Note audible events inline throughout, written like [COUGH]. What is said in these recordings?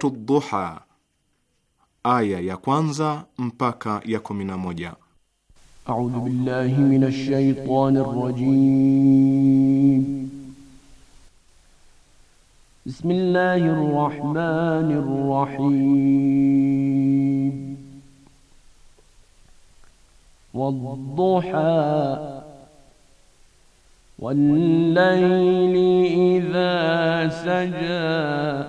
Suratu Dhuha, aya ya kwanza mpaka ya kumi na moja. A'udhu billahi minash shaitanir rajim. Bismillahir rahmanir rahim. Wadh-dhuha والليل إذا سجى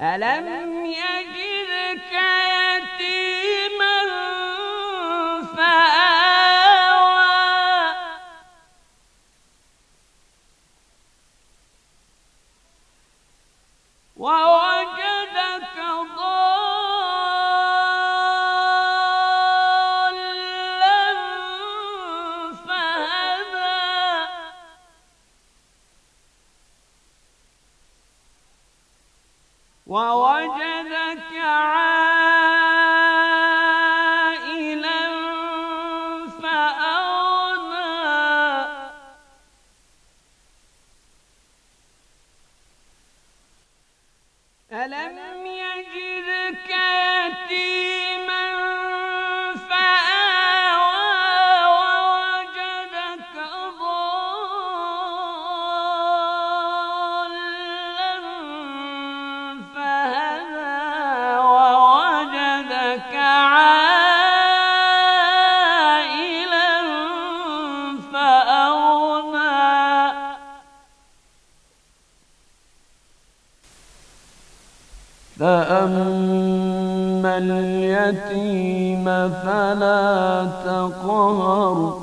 ألم يجدك يتيما فآوى ووى وَوَ أما اليتيم فلا تقهر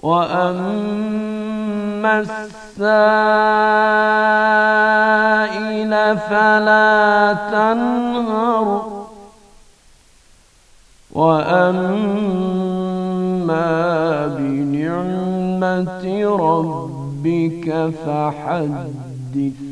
وأما السائل فلا تنهر وأما بنعمة ربك فحدث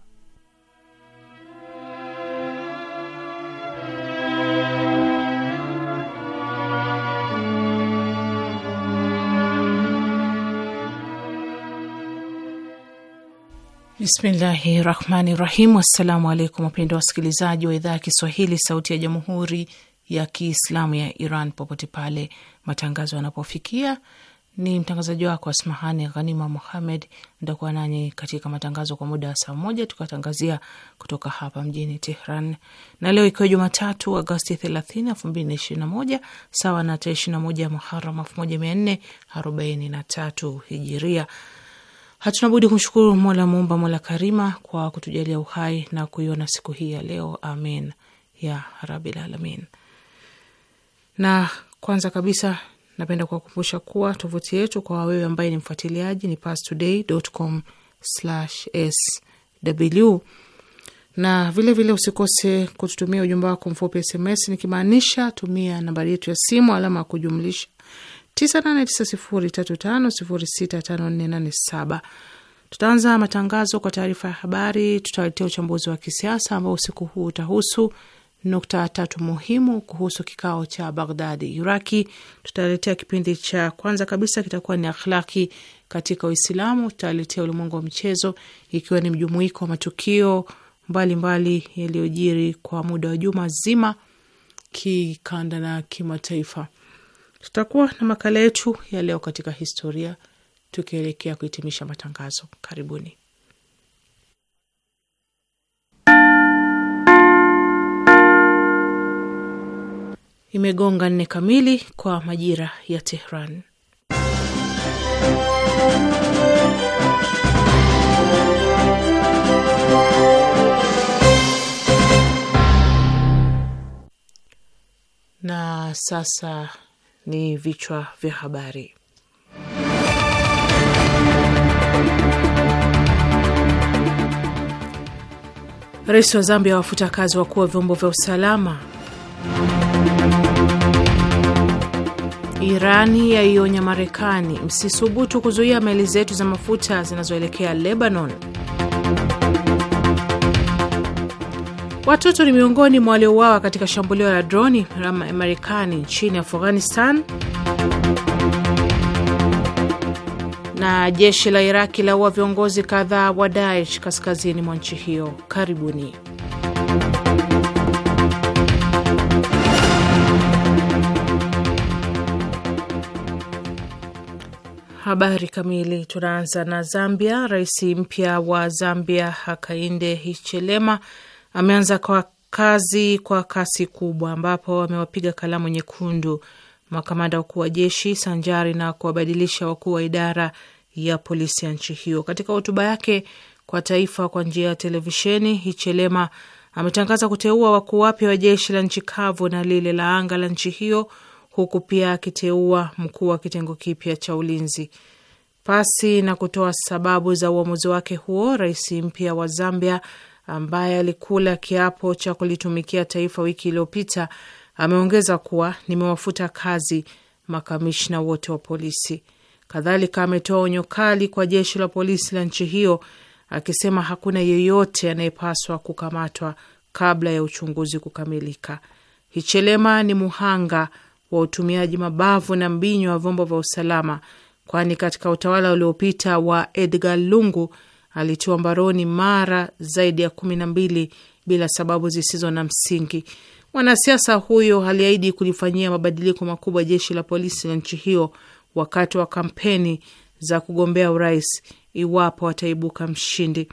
Bismillahi rahmani rahim. Assalamu alaikum wapendwa wasikilizaji wa idhaa ya Kiswahili sauti ya jamhuri ya Kiislamu ya Iran popote pale matangazo yanapofikia. Ni mtangazaji wako Asmahani Ghanima Muhamed. ndakuwa nanyi katika matangazo kwa muda wa saa moja, tukatangazia kutoka hapa mjini Tehran, na leo ikiwa Jumatatu Agosti 30, 2021 sawa na tarehe 21 Muharam 1443 hijiria Hatuna budi kumshukuru Mola Muumba, Mola Karima, kwa kutujalia uhai na kuiona siku hii ya leo. Amin ya rabil alamin. Na kwanza kabisa napenda kuwakumbusha kuwa tovuti yetu kwa wewe ambaye ni mfuatiliaji ni pastoday.com/sw, na vilevile vile usikose kututumia ujumbe wako mfupi SMS, nikimaanisha tumia nambari yetu ya simu alama ya kujumlisha 989035065487. Tutaanza matangazo kwa taarifa ya habari, tutawaletea uchambuzi wa kisiasa ambao usiku huu utahusu nukta tatu muhimu kuhusu kikao cha Baghdadi, Iraki. Tutaletea kipindi cha kwanza kabisa kitakuwa ni akhlaki katika Uislamu. Tutaletea ulimwengu wa mchezo, ikiwa ni mjumuiko wa matukio mbalimbali yaliyojiri kwa muda wa juma zima kikanda na kimataifa. Tutakuwa na makala yetu ya leo katika historia tukielekea kuhitimisha matangazo. Karibuni. Imegonga nne kamili kwa majira ya Tehran. Na sasa ni vichwa vya habari. Rais wa Zambia wafuta kazi wakuu wa vyombo vya usalama. Irani yaionya Marekani, msisubutu kuzuia meli zetu za mafuta zinazoelekea Lebanon. Watoto ni miongoni mwa waliouawa katika shambulio la droni la Marekani nchini Afghanistan. Na jeshi la Iraki laua viongozi kadhaa wa Daesh kaskazini mwa nchi hiyo. Karibuni. Habari kamili. Tunaanza na Zambia. Rais mpya wa Zambia Hakainde Hichilema ameanza kwa kazi kwa kasi kubwa, ambapo amewapiga kalamu nyekundu makamanda wakuu wa jeshi sanjari na kuwabadilisha wakuu wa idara ya polisi ya nchi hiyo. Katika hotuba yake kwa taifa kwa njia ya televisheni, Hichelema ametangaza kuteua wakuu wapya wa jeshi la nchi kavu na lile la anga la nchi hiyo, huku pia akiteua mkuu wa kitengo kipya cha ulinzi. Pasi na kutoa sababu za uamuzi wake huo, rais mpya wa Zambia ambaye alikula kiapo cha kulitumikia taifa wiki iliyopita ameongeza kuwa nimewafuta kazi makamishna wote wa polisi. Kadhalika ametoa onyo kali kwa jeshi la polisi la nchi hiyo akisema hakuna yeyote anayepaswa kukamatwa kabla ya uchunguzi kukamilika. Hichelema ni muhanga wa utumiaji mabavu na mbinyo wa vyombo vya usalama, kwani katika utawala uliopita wa Edgar Lungu alitiwa mbaroni mara zaidi ya kumi na mbili bila sababu zisizo na msingi. Mwanasiasa huyo aliahidi kulifanyia mabadiliko makubwa jeshi la polisi la nchi hiyo wakati wa kampeni za kugombea urais iwapo ataibuka mshindi.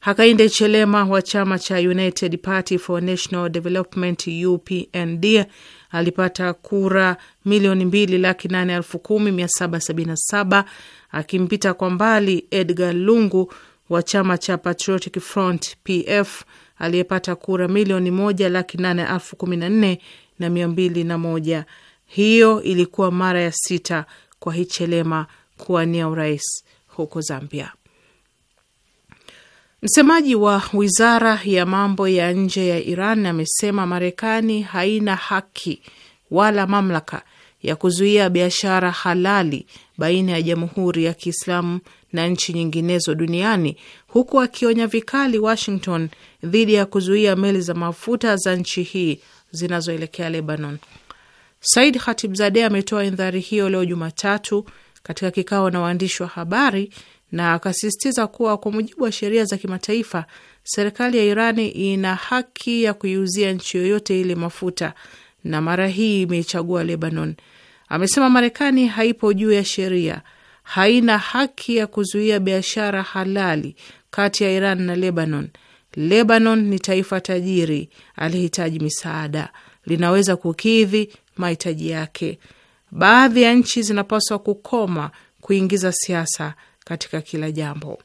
Hakainde Chelema wa chama cha United Party for National Development UPND alipata kura milioni mbili laki nane elfu kumi mia saba sabini na saba akimpita kwa mbali Edgar Lungu wa chama cha Patriotic Front PF aliyepata kura milioni moja laki nane elfu kumi na nne na mia mbili na moja. Hiyo ilikuwa mara ya sita kwa Hichelema kuwania urais huko Zambia. Msemaji wa wizara ya mambo ya nje ya Iran amesema Marekani haina haki wala mamlaka ya kuzuia biashara halali baina ya Jamhuri ya Kiislamu na nchi nyinginezo duniani, huku akionya vikali Washington dhidi ya kuzuia meli za mafuta za nchi hii zinazoelekea Lebanon. Said Khatibzadeh ametoa indhari hiyo leo Jumatatu katika kikao na waandishi wa habari na akasisitiza kuwa kwa mujibu wa sheria za kimataifa serikali ya Irani ina haki ya kuiuzia nchi yoyote ile mafuta na mara hii imeichagua Lebanon. Amesema Marekani haipo juu ya sheria, haina haki ya kuzuia biashara halali kati ya Iran na Lebanon. Lebanon ni taifa tajiri, alihitaji misaada, linaweza kukidhi mahitaji yake. Baadhi ya nchi zinapaswa kukoma kuingiza siasa katika kila jambo.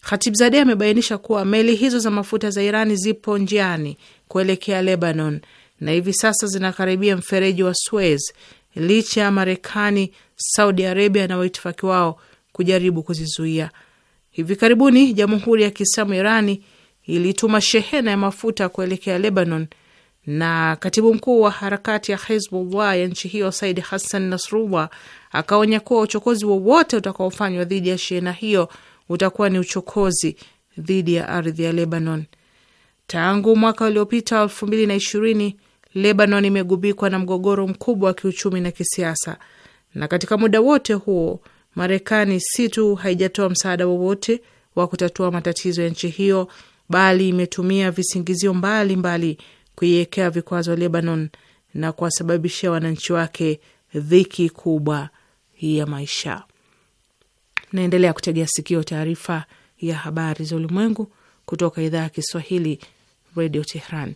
Khatibzadeh amebainisha kuwa meli hizo za mafuta za Irani zipo njiani kuelekea Lebanon na hivi sasa zinakaribia mfereji wa Suez licha ya Marekani, Saudi Arabia na waitifaki wao kujaribu kuzizuia. Hivi karibuni Jamhuri ya Kiislamu Irani ilituma shehena ya mafuta kuelekea Lebanon, na katibu mkuu wa harakati ya Hezbollah ya nchi hiyo Said Hassan Nasrullah akaonya kuwa uchokozi wowote utakaofanywa dhidi ya shehena hiyo utakuwa ni uchokozi dhidi ya ardhi ya Lebanon. Tangu mwaka uliopita elfu mbili na ishirini Lebanon imegubikwa na mgogoro mkubwa wa kiuchumi na kisiasa, na katika muda wote huo Marekani si tu haijatoa msaada wowote wa kutatua matatizo ya nchi hiyo, bali imetumia visingizio mbalimbali kuiwekea vikwazo Lebanon na kuwasababishia wananchi wake dhiki kubwa ya maisha. Naendelea kutegea sikio taarifa ya habari za ulimwengu kutoka idhaa ya Kiswahili, radio Tehran.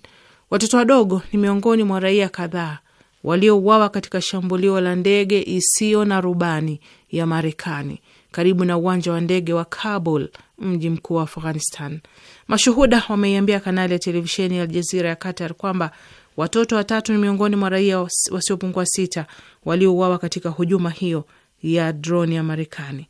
Watoto wadogo ni miongoni mwa raia kadhaa waliouawa katika shambulio la ndege isiyo na rubani ya Marekani karibu na uwanja wa ndege wa Kabul, mji mkuu wa Afghanistan. Mashuhuda wameiambia kanali ya televisheni ya Aljazira ya Qatar kwamba watoto watatu ni miongoni mwa raia wasiopungua sita waliouawa katika hujuma hiyo ya droni ya Marekani.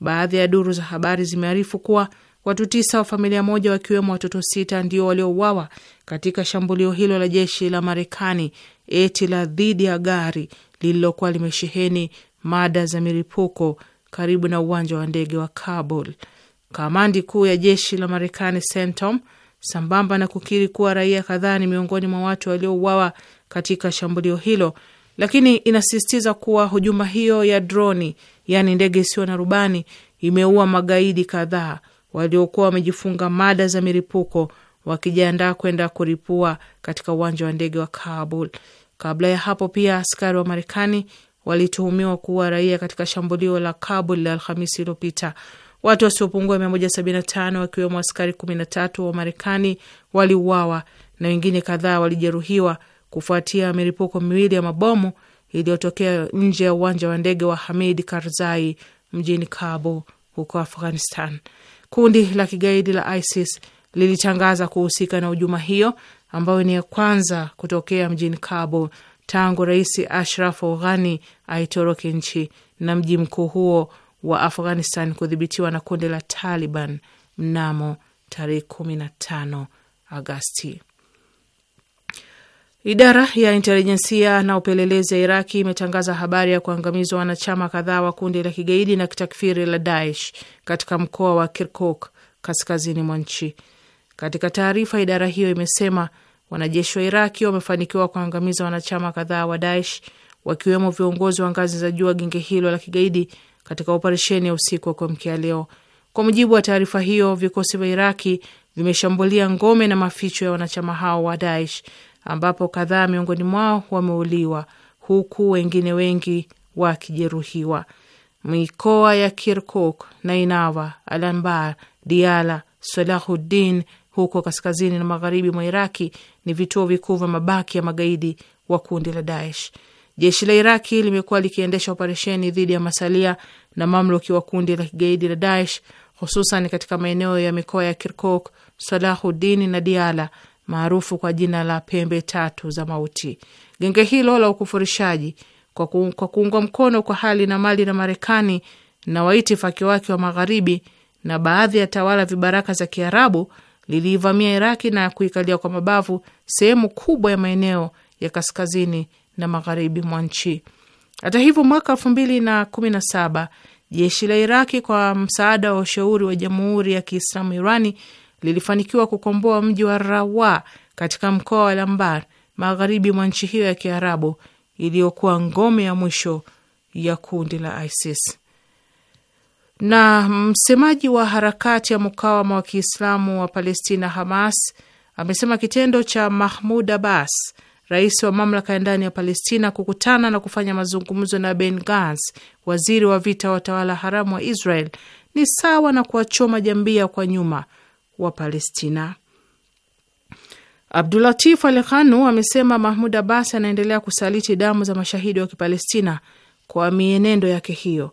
Baadhi ya duru za habari zimearifu kuwa Watu tisa wa familia moja wakiwemo watoto sita ndio waliouawa katika shambulio hilo la jeshi la Marekani eti la dhidi ya gari lililokuwa limesheheni mada za milipuko karibu na uwanja wa ndege wa Kabul. Kamandi kuu ya jeshi la Marekani CENTCOM, sambamba na kukiri kuwa raia kadhaa ni miongoni mwa watu waliouawa katika shambulio hilo, lakini inasisitiza kuwa hujuma hiyo ya droni, yaani ndege isiyo na rubani, imeua magaidi kadhaa waliokuwa wamejifunga mada za milipuko wakijiandaa kwenda kuripua katika uwanja wa ndege wa Kabul. Kabla ya hapo pia askari wa Marekani walituhumiwa kuwa raia katika shambulio la Kabul la Alhamisi iliyopita. Watu wasiopungua 175 wakiwemo askari 13 wa Marekani waliuawa na wengine kadhaa walijeruhiwa kufuatia milipuko miwili ya mabomu iliyotokea nje ya uwanja wa ndege wa Hamid Karzai mjini Kabul huko Afghanistan. Kundi la kigaidi la ISIS lilitangaza kuhusika na hujuma hiyo ambayo ni ya kwanza kutokea mjini Kabul tangu Rais Ashraf Ghani aitoroke nchi na mji mkuu huo wa Afghanistan kudhibitiwa na kundi la Taliban mnamo tarehe 15 Agasti. Idara ya intelijensia na upelelezi ya Iraki imetangaza habari ya kuangamizwa wanachama kadhaa wa kundi la kigaidi na kitakfiri la Daesh katika mkoa wa Kirkuk kaskazini mwa nchi. Katika taarifa, idara hiyo imesema wanajeshi wa Iraki wamefanikiwa kuangamiza wanachama kadhaa wa Daesh wakiwemo viongozi wa ngazi za juu wa genge hilo la kigaidi katika operesheni ya usiku wa kuamkia leo. Kwa mujibu wa taarifa hiyo, vikosi vya Iraki vimeshambulia ngome na maficho ya wanachama hao wa Daesh ambapo kadhaa miongoni mwao wameuliwa huku wengine wengi wakijeruhiwa. Mikoa ya Kirkuk, Nainawa, Alambar, Diala, Salahuddin huko kaskazini na magharibi mwa Iraki ni vituo vikuu vya mabaki ya magaidi wa kundi la Daesh. Jeshi la Iraki limekuwa likiendesha operesheni dhidi ya masalia na mamluki wa kundi la kigaidi la Daesh, hususan katika maeneo ya mikoa ya Kirkuk, Salahuddin na Diala maarufu kwa jina la pembe tatu za mauti. Genge hilo la ukufurishaji kwa, ku, kwa kuungwa mkono kwa hali na mali na Marekani na waitifaki wake wa magharibi na baadhi ya tawala vibaraka za Kiarabu liliivamia Iraki na kuikalia kwa mabavu sehemu kubwa ya maeneo ya kaskazini na magharibi mwa nchi. Hata hivyo, mwaka elfu mbili na kumi na saba jeshi la Iraki kwa msaada wa ushauri wa Jamhuri ya Kiislamu Irani lilifanikiwa kukomboa mji wa Rawa katika mkoa wa Lambar, magharibi mwa nchi hiyo ya Kiarabu iliyokuwa ngome ya mwisho ya kundi la ISIS. Na msemaji wa harakati ya mukawama wa Kiislamu wa Palestina, Hamas, amesema kitendo cha Mahmud Abbas, rais wa mamlaka ya ndani ya Palestina, kukutana na kufanya mazungumzo na Ben Gans, waziri wa vita wa utawala haramu wa Israel, ni sawa na kuwachoma jambia kwa nyuma wa Palestina. Abdulatif Al amesema Mahmud Abbas anaendelea kusaliti damu za mashahidi wa Kipalestina kwa mienendo yake hiyo.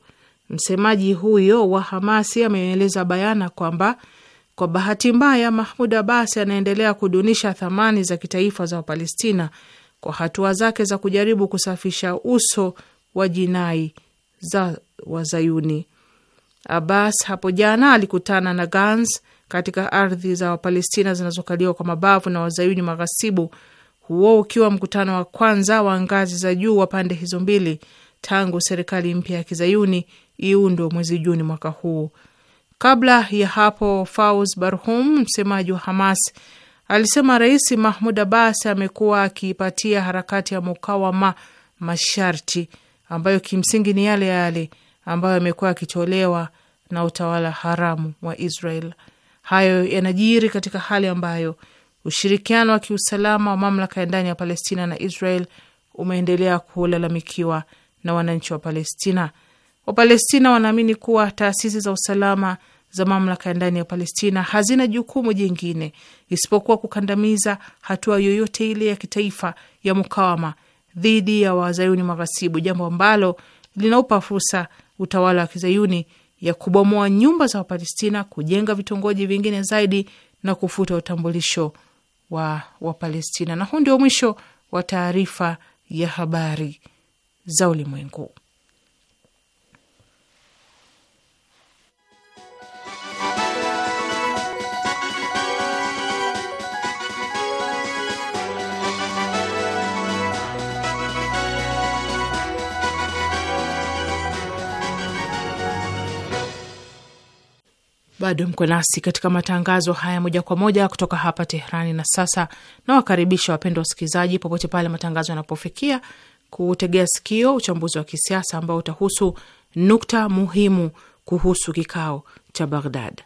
Msemaji huyo wa Hamasi ameeleza bayana kwamba kwa bahati mbaya, Mahmud Abbas anaendelea kudunisha thamani za kitaifa za Wapalestina kwa hatua zake za kujaribu kusafisha uso wa jinai za Wazayuni. Abbas hapo jana alikutana na Gans, katika ardhi za Wapalestina zinazokaliwa kwa mabavu na wazayuni maghasibu, huo ukiwa mkutano wa kwanza wa ngazi za juu wa pande hizo mbili tangu serikali mpya ya kizayuni iundwe mwezi Juni mwaka huu. Kabla ya hapo, Faus Barhum, msemaji wa Hamas, alisema Rais Mahmud Abbas amekuwa akiipatia harakati ya mukawama masharti ambayo kimsingi ni yale yale ambayo yamekuwa yakitolewa na utawala haramu wa Israel. Hayo yanajiri katika hali ambayo ushirikiano wa kiusalama wa mamlaka ya ndani ya Palestina na Israel umeendelea kulalamikiwa na wananchi wa Palestina. Wapalestina wanaamini kuwa taasisi za usalama za mamlaka ya ndani ya Palestina hazina jukumu jingine isipokuwa kukandamiza hatua yoyote ile ya kitaifa ya mukawama dhidi ya wazayuni maghasibu, jambo ambalo linaupa fursa utawala wa kizayuni ya kubomoa nyumba za Wapalestina, kujenga vitongoji vingine zaidi na kufuta utambulisho wa Wapalestina. Na huu ndio mwisho wa taarifa ya habari za ulimwengu. Bado mko nasi katika matangazo haya moja kwa moja kutoka hapa Teherani. Na sasa nawakaribisha wapendwa wasikilizaji, popote pale matangazo yanapofikia, kutegea sikio uchambuzi wa kisiasa ambao utahusu nukta muhimu kuhusu kikao cha Baghdad.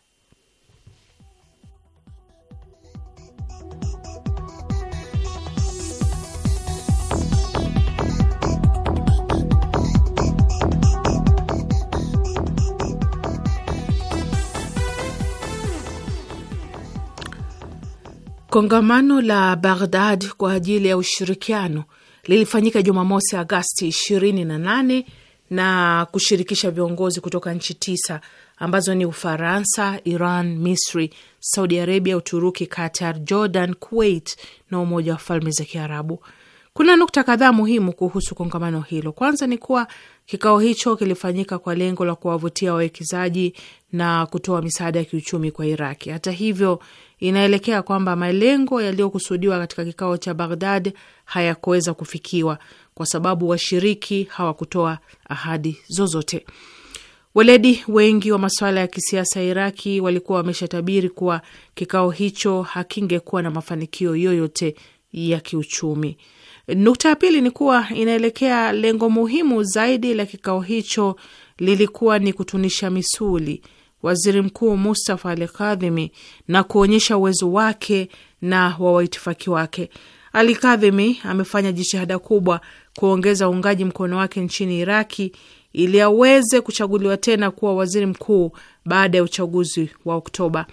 Kongamano la Baghdad kwa ajili ya ushirikiano lilifanyika Jumamosi Agasti 28 na kushirikisha viongozi kutoka nchi tisa ambazo ni Ufaransa, Iran, Misri, Saudi Arabia, Uturuki, Qatar, Jordan, Kuwait na Umoja wa Falme za Kiarabu. Kuna nukta kadhaa muhimu kuhusu kongamano hilo. Kwanza ni kuwa kikao hicho kilifanyika kwa lengo la kuwavutia wawekezaji na kutoa misaada ya kiuchumi kwa Iraki. Hata hivyo, inaelekea kwamba malengo yaliyokusudiwa katika kikao cha Baghdad hayakuweza kufikiwa kwa sababu washiriki hawakutoa ahadi zozote. Weledi wengi wa masuala ya kisiasa ya Iraki walikuwa wameshatabiri kuwa kikao hicho hakingekuwa na mafanikio yoyote ya kiuchumi. Nukta ya pili ni kuwa inaelekea lengo muhimu zaidi la kikao hicho lilikuwa ni kutunisha misuli waziri mkuu Mustafa al Kadhimi na kuonyesha uwezo wake na wa waitifaki wake. alikadhimi Kadhimi amefanya jitihada kubwa kuongeza uungaji mkono wake nchini Iraki ili aweze kuchaguliwa tena kuwa waziri mkuu baada ya uchaguzi wa Oktoba.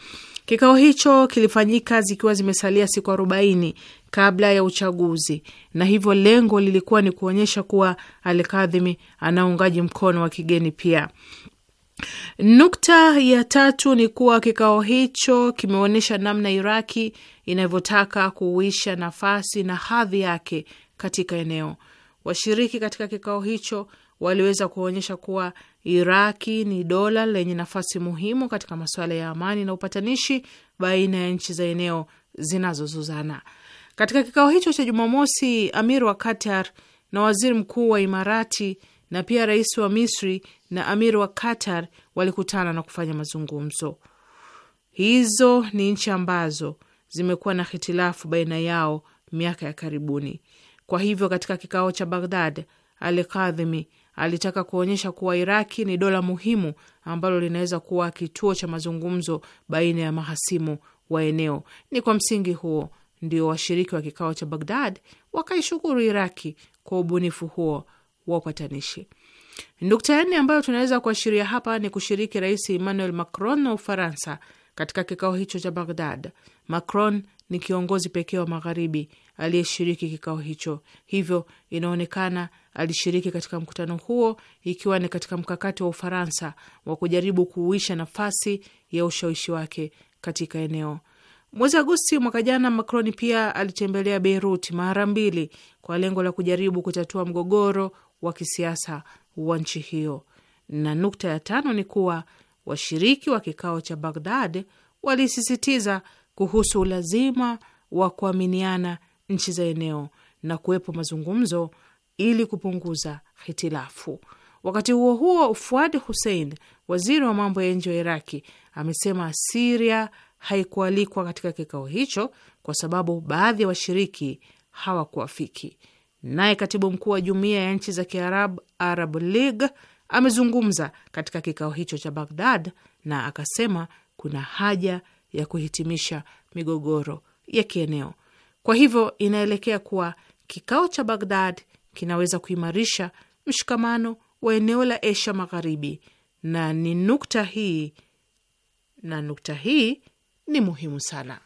Kikao hicho kilifanyika zikiwa zimesalia siku arobaini kabla ya uchaguzi, na hivyo lengo lilikuwa ni kuonyesha kuwa alikadhimi anaungaji mkono wa kigeni pia. Nukta ya tatu ni kuwa kikao hicho kimeonyesha namna Iraki inavyotaka kuuisha nafasi na hadhi yake katika eneo. Washiriki katika kikao hicho waliweza kuonyesha kuwa Iraki ni dola lenye nafasi muhimu katika masuala ya amani na upatanishi baina ya nchi za eneo zinazozuzana. Katika kikao hicho cha Jumamosi, amir wa Qatar na waziri mkuu wa Imarati na pia rais wa Misri na amir wa Qatar walikutana na kufanya mazungumzo. Hizo ni nchi ambazo zimekuwa na hitilafu baina yao miaka ya karibuni. Kwa hivyo, katika kikao cha Baghdad, Al Kadhimi alitaka kuonyesha kuwa Iraki ni dola muhimu ambalo linaweza kuwa kituo cha mazungumzo baina ya mahasimu wa eneo. Ni kwa msingi huo ndio washiriki wa kikao cha Baghdad wakaishukuru Iraki kwa ubunifu huo wa upatanishi. Nukta ya nne ambayo tunaweza kuashiria hapa ni kushiriki Rais Emmanuel Macron wa Ufaransa katika kikao hicho cha Baghdad. Macron ni kiongozi pekee wa magharibi aliyeshiriki kikao hicho, hivyo inaonekana alishiriki katika mkutano huo ikiwa ni katika mkakati wa Ufaransa wa kujaribu kuuisha nafasi ya ushawishi wake katika eneo. Mwezi Agosti mwaka jana, Macron pia alitembelea Beirut mara mbili kwa lengo la kujaribu kutatua mgogoro wa kisiasa wa nchi hiyo. Na nukta ya tano ni kuwa washiriki wa kikao cha Baghdad walisisitiza kuhusu ulazima wa kuaminiana nchi za eneo na kuwepo mazungumzo ili kupunguza hitilafu. Wakati huo huo, Fuad Hussein, waziri wa mambo ya nje wa Iraki, amesema Siria haikualikwa katika kikao hicho kwa sababu baadhi ya washiriki hawakuafiki. Naye katibu mkuu wa jumuiya ya nchi za Kiarabu, Arab League, amezungumza katika kikao hicho cha Baghdad na akasema kuna haja ya kuhitimisha migogoro ya kieneo. Kwa hivyo inaelekea kuwa kikao cha Baghdad kinaweza kuimarisha mshikamano wa eneo la Asia Magharibi, na ni nukta hii na nukta hii ni muhimu sana.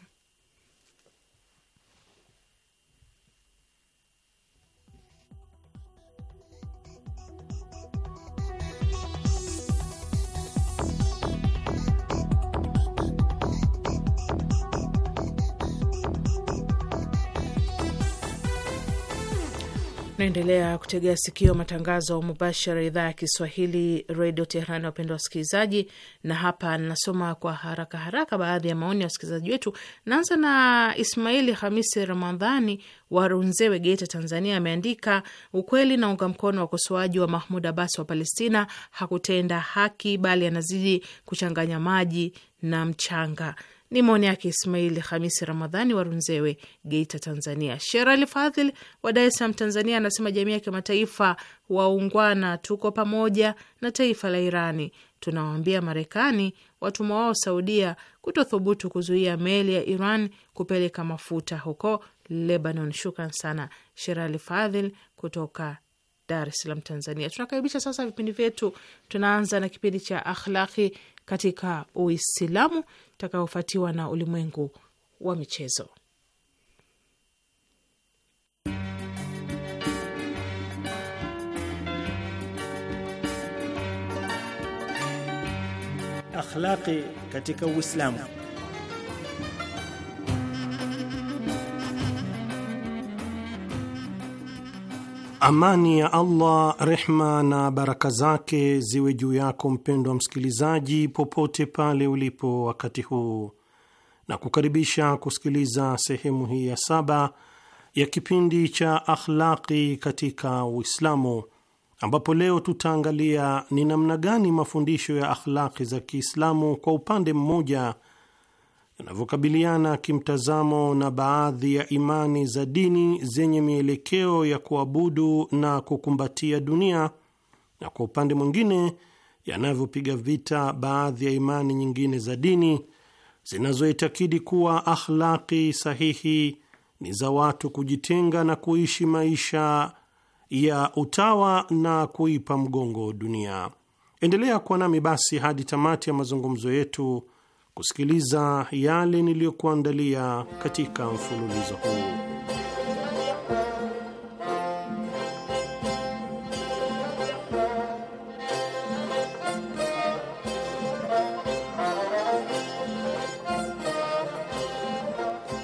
Naendelea kutegea sikio matangazo mubashara idhaa ya Kiswahili redio Teherani, wapendwa wasikilizaji, na hapa nasoma kwa haraka haraka baadhi ya maoni ya wasikilizaji wetu. Naanza na Ismaili Hamisi Ramadhani wa Runzewe, Geita, Tanzania. Ameandika ukweli na unga mkono wakosoaji wa Mahmud Abbas wa Palestina, hakutenda haki bali anazidi kuchanganya maji na mchanga. Ni maoni yake Ismaili Hamisi Ramadhani wa Runzewe, Geita, Tanzania. Sherali Fadhil wa Dar es Salaam, Tanzania, anasema jamii ya kimataifa waungwana, tuko pamoja na taifa la Irani. Tunawaambia Marekani, watumwa wao Saudia, kutothubutu kuzuia meli ya Iran kupeleka mafuta huko Lebanon. Shukran sana Sherali Fadhil kutoka Dar es Salaam, Tanzania. Tunakaribisha sasa vipindi vyetu. Tunaanza na kipindi cha akhlaki katika Uislamu takaofuatiwa na ulimwengu wa michezo. Akhlaqi katika Uislamu. Amani ya Allah, rehma na baraka zake ziwe juu yako mpendwa msikilizaji, popote pale ulipo wakati huu, na kukaribisha kusikiliza sehemu hii ya saba ya kipindi cha Akhlaqi katika Uislamu, ambapo leo tutaangalia ni namna gani mafundisho ya akhlaqi za Kiislamu kwa upande mmoja yanavyokabiliana kimtazamo na baadhi ya imani za dini zenye mielekeo ya kuabudu na kukumbatia dunia, na kwa upande mwingine yanavyopiga vita baadhi ya imani nyingine za dini zinazoitakidi kuwa akhlaki sahihi ni za watu kujitenga na kuishi maisha ya utawa na kuipa mgongo dunia. Endelea kuwa nami basi hadi tamati ya mazungumzo yetu kusikiliza yale niliyokuandalia katika mfululizo huu.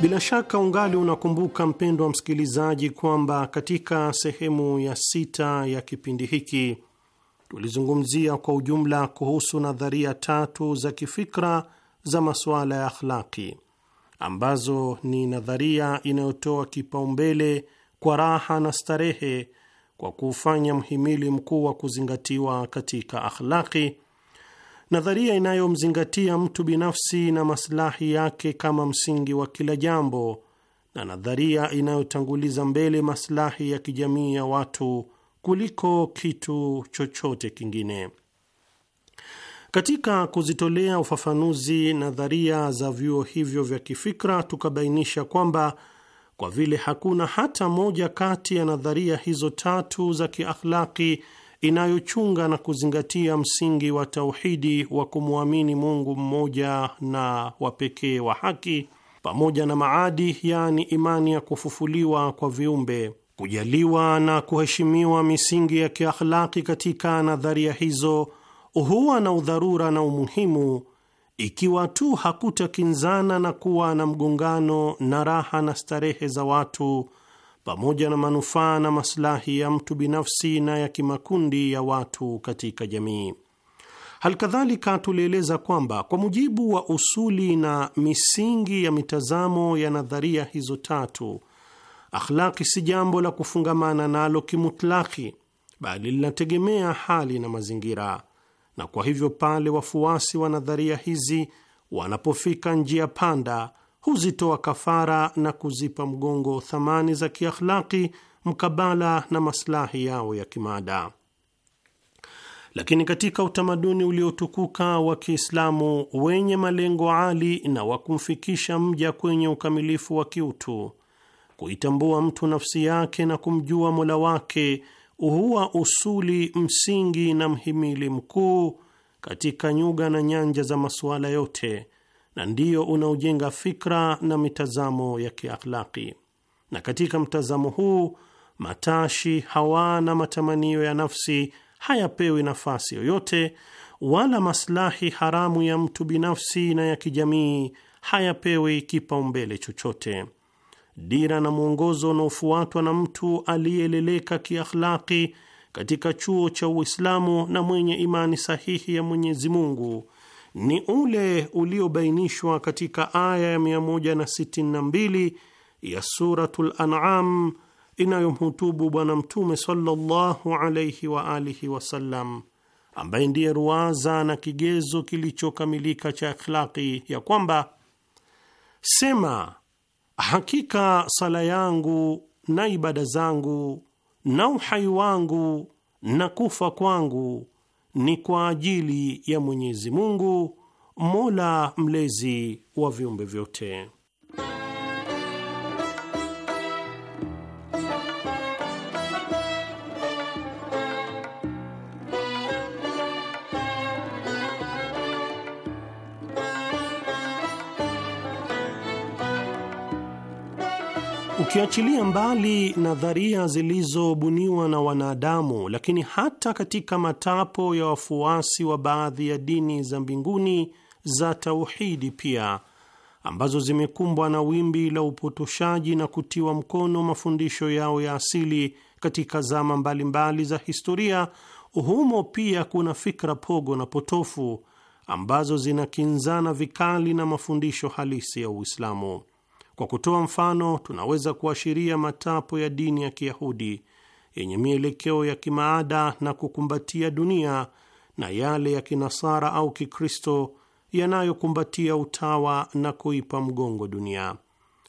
Bila shaka ungali unakumbuka mpendwa msikilizaji, kwamba katika sehemu ya sita ya kipindi hiki tulizungumzia kwa ujumla kuhusu nadharia tatu za kifikra za masuala ya akhlaki ambazo ni nadharia inayotoa kipaumbele kwa raha na starehe kwa kufanya mhimili mkuu wa kuzingatiwa katika akhlaki, nadharia inayomzingatia mtu binafsi na maslahi yake kama msingi wa kila jambo, na nadharia inayotanguliza mbele maslahi ya kijamii ya watu kuliko kitu chochote kingine. Katika kuzitolea ufafanuzi nadharia za vyuo hivyo vya kifikra, tukabainisha kwamba kwa vile hakuna hata moja kati ya nadharia hizo tatu za kiakhlaki inayochunga na kuzingatia msingi wa tauhidi wa kumwamini Mungu mmoja na wa pekee wa haki, pamoja na maadi, yaani imani ya kufufuliwa kwa viumbe, kujaliwa na kuheshimiwa misingi ya kiakhlaki katika nadharia hizo huwa na udharura na umuhimu ikiwa tu hakutakinzana na kuwa na mgongano na raha na starehe za watu pamoja na manufaa na maslahi ya mtu binafsi na ya kimakundi ya watu katika jamii. Halikadhalika tulieleza kwamba kwa mujibu wa usuli na misingi ya mitazamo ya nadharia hizo tatu, akhlaki si jambo la kufungamana nalo kimutlaki, bali linategemea hali na mazingira na kwa hivyo pale wafuasi wa nadharia hizi wanapofika njia panda huzitoa kafara na kuzipa mgongo thamani za kiakhlaki mkabala na maslahi yao ya kimada Lakini katika utamaduni uliotukuka wa Kiislamu wenye malengo ali na wa kumfikisha mja kwenye ukamilifu wa kiutu, kuitambua mtu nafsi yake na kumjua mola wake huwa usuli msingi na mhimili mkuu katika nyuga na nyanja za masuala yote, na ndiyo unaojenga fikra na mitazamo ya kiakhlaki. Na katika mtazamo huu matashi, hawa na matamanio ya nafsi hayapewi nafasi yoyote, wala maslahi haramu ya mtu binafsi na ya kijamii hayapewi kipaumbele chochote dira na mwongozo unaofuatwa na mtu aliyeleleka kiakhlaki katika chuo cha Uislamu na mwenye imani sahihi ya Mwenyezi Mungu ni ule uliobainishwa katika aya ya 162 ya Suratul An'am inayomhutubu Bwana Mtume sallallahu alayhi wa alihi wasallam, ambaye ndiye ruwaza na kigezo kilichokamilika cha akhlaqi, ya kwamba sema Hakika sala yangu na ibada zangu na uhai wangu na kufa kwangu ni kwa ajili ya Mwenyezi Mungu, Mola mlezi wa viumbe vyote. Tukiachilia mbali nadharia zilizobuniwa na wanadamu, lakini hata katika matapo ya wafuasi wa baadhi ya dini za mbinguni za tauhidi pia ambazo zimekumbwa na wimbi la upotoshaji na kutiwa mkono mafundisho yao ya asili katika zama mbalimbali za historia, humo pia kuna fikra pogo na potofu ambazo zinakinzana vikali na mafundisho halisi ya Uislamu. Kwa kutoa mfano, tunaweza kuashiria matapo ya dini ya Kiyahudi yenye mielekeo ya kimaada na kukumbatia dunia na yale ya Kinasara au Kikristo yanayokumbatia utawa na kuipa mgongo dunia.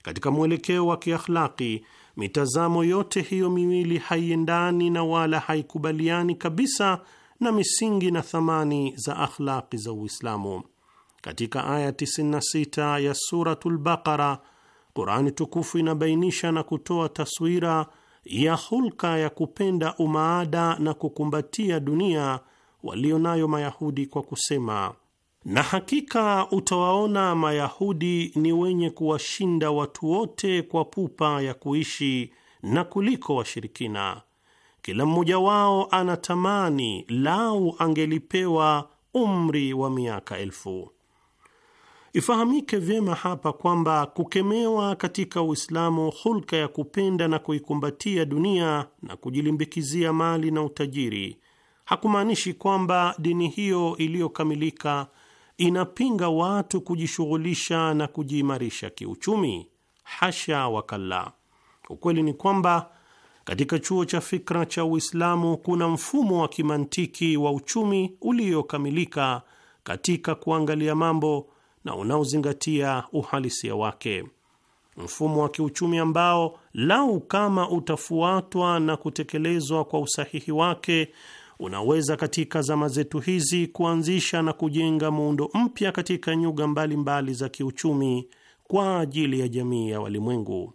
Katika mwelekeo wa kiakhlaki, mitazamo yote hiyo miwili haiendani na wala haikubaliani kabisa na misingi na thamani za akhlaki za Uislamu. Katika aya 96 ya Suratul Baqara Kurani tukufu inabainisha na kutoa taswira ya hulka ya kupenda umaada na kukumbatia dunia walio nayo Mayahudi kwa kusema, na hakika utawaona Mayahudi ni wenye kuwashinda watu wote kwa pupa ya kuishi na kuliko washirikina. Kila mmoja wao anatamani lau angelipewa umri wa miaka elfu. Ifahamike vyema hapa kwamba kukemewa katika Uislamu hulka ya kupenda na kuikumbatia dunia na kujilimbikizia mali na utajiri hakumaanishi kwamba dini hiyo iliyokamilika inapinga watu kujishughulisha na kujiimarisha kiuchumi. Hasha wakalla. Ukweli ni kwamba katika chuo cha fikra cha Uislamu kuna mfumo wa kimantiki wa uchumi uliokamilika katika kuangalia mambo na unaozingatia uhalisia wake, mfumo wa kiuchumi ambao lau kama utafuatwa na kutekelezwa kwa usahihi wake unaweza katika zama zetu hizi kuanzisha na kujenga muundo mpya katika nyuga mbalimbali mbali za kiuchumi kwa ajili ya jamii ya walimwengu.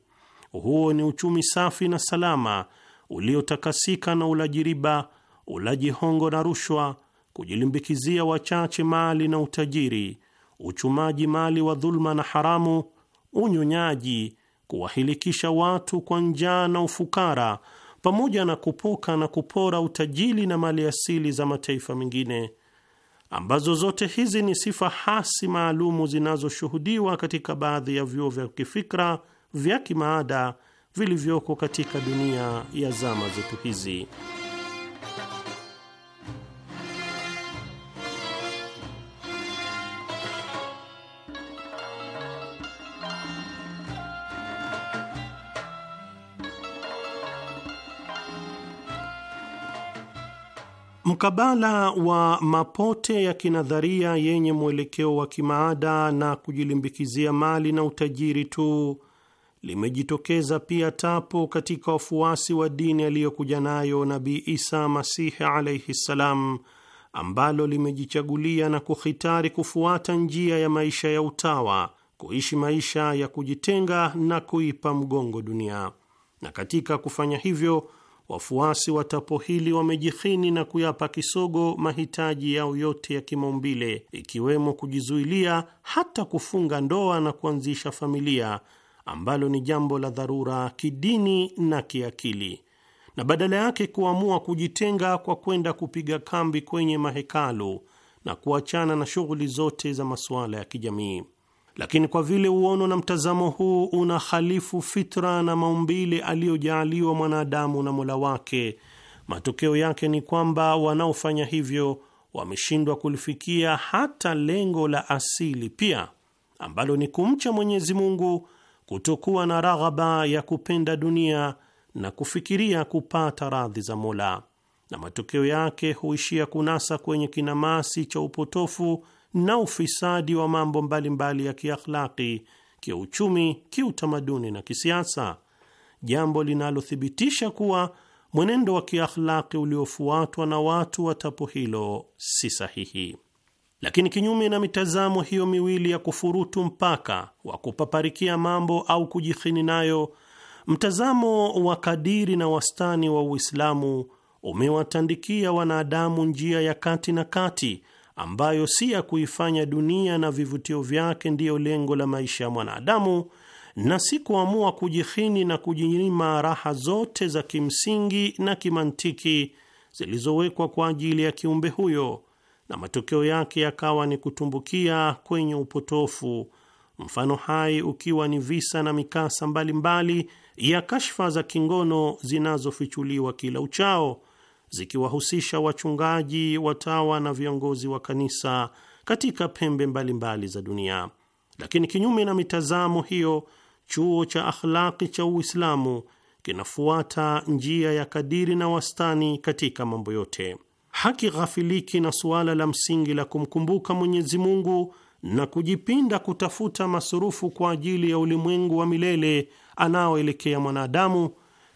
Huo ni uchumi safi na salama uliotakasika na ulaji riba, ulaji hongo na rushwa, kujilimbikizia wachache mali na utajiri, uchumaji mali wa dhuluma na haramu, unyonyaji, kuwahilikisha watu kwa njaa na ufukara, pamoja na kupoka na kupora utajiri na mali asili za mataifa mengine, ambazo zote hizi ni sifa hasi maalumu zinazoshuhudiwa katika baadhi ya vyuo vya kifikra vya kimaada vilivyoko katika dunia ya zama zetu hizi. Mkabala wa mapote ya kinadharia yenye mwelekeo wa kimaada na kujilimbikizia mali na utajiri tu, limejitokeza pia tapo katika wafuasi wa dini aliyokuja nayo Nabii Isa Masihi alaihi ssalam, ambalo limejichagulia na kuhitari kufuata njia ya maisha ya utawa, kuishi maisha ya kujitenga na kuipa mgongo dunia, na katika kufanya hivyo wafuasi wa tapo hili wamejihini na kuyapa kisogo mahitaji yao yote ya kimaumbile, ikiwemo kujizuilia hata kufunga ndoa na kuanzisha familia, ambalo ni jambo la dharura kidini na kiakili, na badala yake kuamua kujitenga kwa kwenda kupiga kambi kwenye mahekalu na kuachana na shughuli zote za masuala ya kijamii lakini kwa vile uono na mtazamo huu unahalifu fitra na maumbile aliyojaaliwa mwanadamu na Mola wake, matokeo yake ni kwamba wanaofanya hivyo wameshindwa kulifikia hata lengo la asili pia ambalo ni kumcha Mwenyezi Mungu, kutokuwa na raghaba ya kupenda dunia na kufikiria kupata radhi za Mola, na matokeo yake huishia kunasa kwenye kinamasi cha upotofu na ufisadi wa mambo mbalimbali mbali ya kiakhlaki, kiuchumi, kiutamaduni na kisiasa, jambo linalothibitisha kuwa mwenendo wa kiakhlaki uliofuatwa na watu wa tapo hilo si sahihi. Lakini kinyume na mitazamo hiyo miwili ya kufurutu mpaka wa kupaparikia mambo au kujihini nayo, mtazamo wa kadiri na wastani wa Uislamu umewatandikia wanadamu njia ya kati na kati ambayo si ya kuifanya dunia na vivutio vyake ndiyo lengo la maisha ya mwanadamu na si kuamua kujihini na kujinyima raha zote za kimsingi na kimantiki zilizowekwa kwa ajili ya kiumbe huyo, na matokeo yake yakawa ni kutumbukia kwenye upotofu, mfano hai ukiwa ni visa na mikasa mbalimbali mbali ya kashfa za kingono zinazofichuliwa kila uchao zikiwahusisha wachungaji, watawa na viongozi wa kanisa katika pembe mbalimbali mbali za dunia. Lakini kinyume na mitazamo hiyo, chuo cha akhlaki cha Uislamu kinafuata njia ya kadiri na wastani katika mambo yote. haki ghafiliki na suala la msingi la kumkumbuka Mwenyezi Mungu na kujipinda kutafuta masurufu kwa ajili ya ulimwengu wa milele anaoelekea mwanadamu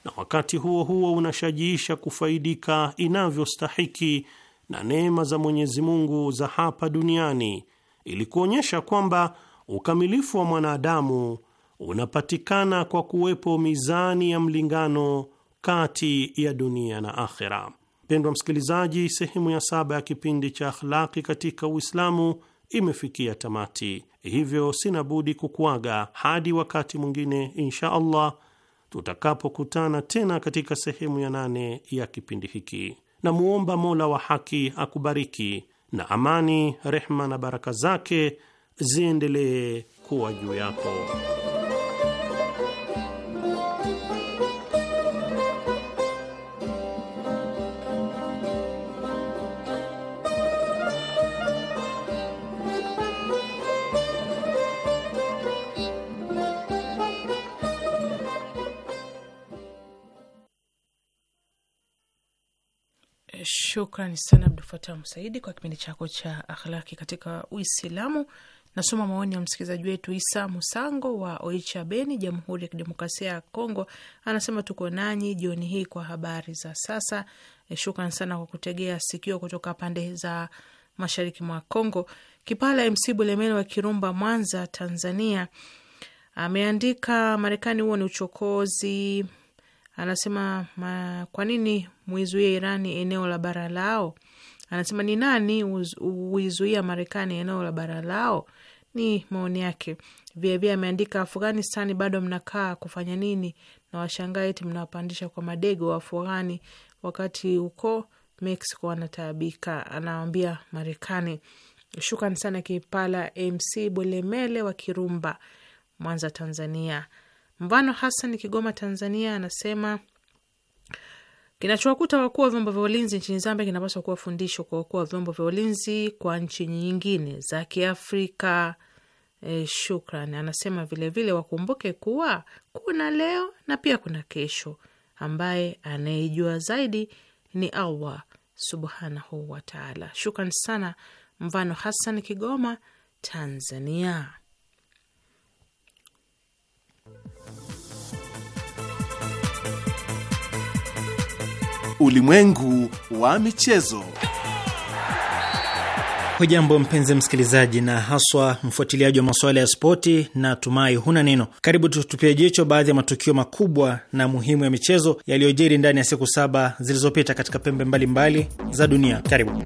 na wakati huo huo unashajiisha kufaidika inavyostahiki na neema za Mwenyezi Mungu za hapa duniani ili kuonyesha kwamba ukamilifu wa mwanadamu unapatikana kwa kuwepo mizani ya mlingano kati ya dunia na akhera. Mpendwa msikilizaji, sehemu ya saba ya kipindi cha Akhlaqi katika Uislamu imefikia tamati, hivyo sina budi kukuaga hadi wakati mwingine insha Allah tutakapokutana tena katika sehemu ya nane ya kipindi hiki. Namwomba Mola wa haki akubariki, na amani, rehma na baraka zake ziendelee kuwa juu yako. Shukrani sana Abdul Fatah Msaidi kwa kipindi chako cha akhlaki katika Uislamu. Nasoma maoni ya msikilizaji wetu Isa Musango wa Oicha Beni, Jamhuri ya Kidemokrasia ya Kongo. Anasema tuko nanyi jioni hii kwa habari za sasa. E, eh, shukran sana kwa kutegea sikio kutoka pande za mashariki mwa Kongo. Kipala MC Bulemeli wa Kirumba, Mwanza, Tanzania ameandika Marekani huo ni uchokozi Anasema kwa nini muizuie Irani eneo la bara lao? Anasema ni nani huizuia Marekani eneo la bara lao? Ni maoni yake. Vilevile ameandika Afghanistan bado mnakaa kufanya nini? Na washangaa eti mnawapandisha kwa madego wa Afghani wakati huko Mexico wanataabika. Anawambia Marekani. Shukran sana Kipala MC Bulemele wa Kirumba, Mwanza, Tanzania mfano Hassan, Kigoma, Tanzania, anasema kinachowakuta wakuu wa vyombo vya ulinzi nchini Zambia kinapaswa kuwa fundisho kwa wakuu wa vyombo vya ulinzi kwa nchi nyingine za Kiafrika. E, shukran. Anasema vilevile wakumbuke kuwa kuna leo na pia kuna kesho, ambaye anayejua zaidi ni Allah subhanahu wataala. Shukran sana mfano Hassan, Kigoma, Tanzania. Ulimwengu wa michezo. Hujambo mpenzi msikilizaji, na haswa mfuatiliaji wa masuala ya spoti, na tumai huna neno. Karibu tutupie jicho baadhi ya matukio makubwa na muhimu ya michezo yaliyojiri ndani ya siku saba zilizopita katika pembe mbalimbali mbali za dunia. Karibu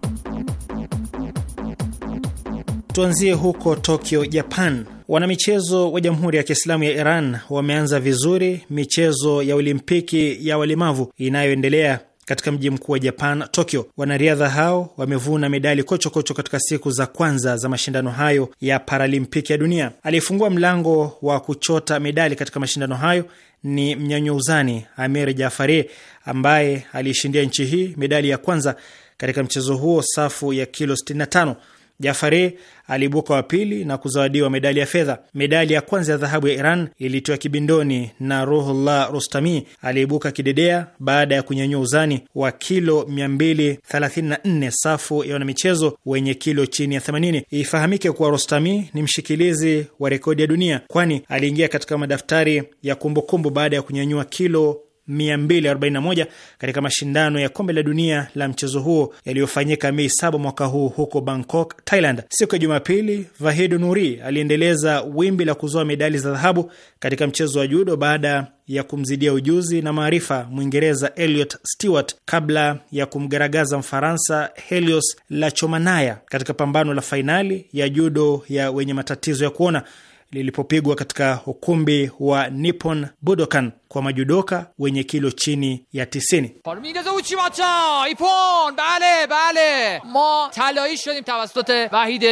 tuanzie huko Tokyo, Japan. Wanamichezo wa Jamhuri ya Kiislamu ya Iran wameanza vizuri michezo ya Olimpiki ya walemavu inayoendelea katika mji mkuu wa Japan, Tokyo. Wanariadha hao wamevuna medali kochokocho kocho katika siku za kwanza za mashindano hayo ya Paralimpiki ya dunia. Aliyefungua mlango wa kuchota medali katika mashindano hayo ni mnyanyouzani Amir Jafari ambaye aliishindia nchi hii medali ya kwanza katika mchezo huo safu ya kilo 65. Jafari aliibuka wa pili na kuzawadiwa medali ya fedha. Medali ya kwanza ya dhahabu ya Iran ilitiwa kibindoni na Ruhullah Rostami aliibuka kidedea baada ya kunyanyua uzani wa kilo 234 safu ya wanamichezo wenye kilo chini ya 80. Ifahamike kuwa Rostami ni mshikilizi wa rekodi ya dunia, kwani aliingia katika madaftari ya kumbukumbu baada ya kunyanyua kilo 241 katika mashindano ya kombe la dunia la mchezo huo yaliyofanyika Mei 7 mwaka huu huko Bangkok, Thailand. Siku ya Jumapili, Vahid Nuri aliendeleza wimbi la kuzoa medali za dhahabu katika mchezo wa judo baada ya kumzidia ujuzi na maarifa Mwingereza Elliot Stewart kabla ya kumgaragaza Mfaransa Helios Lachomanaya katika pambano la fainali ya judo ya wenye matatizo ya kuona lilipopigwa katika ukumbi wa Nippon Budokan kwa majudoka wenye kilo chini ya 90.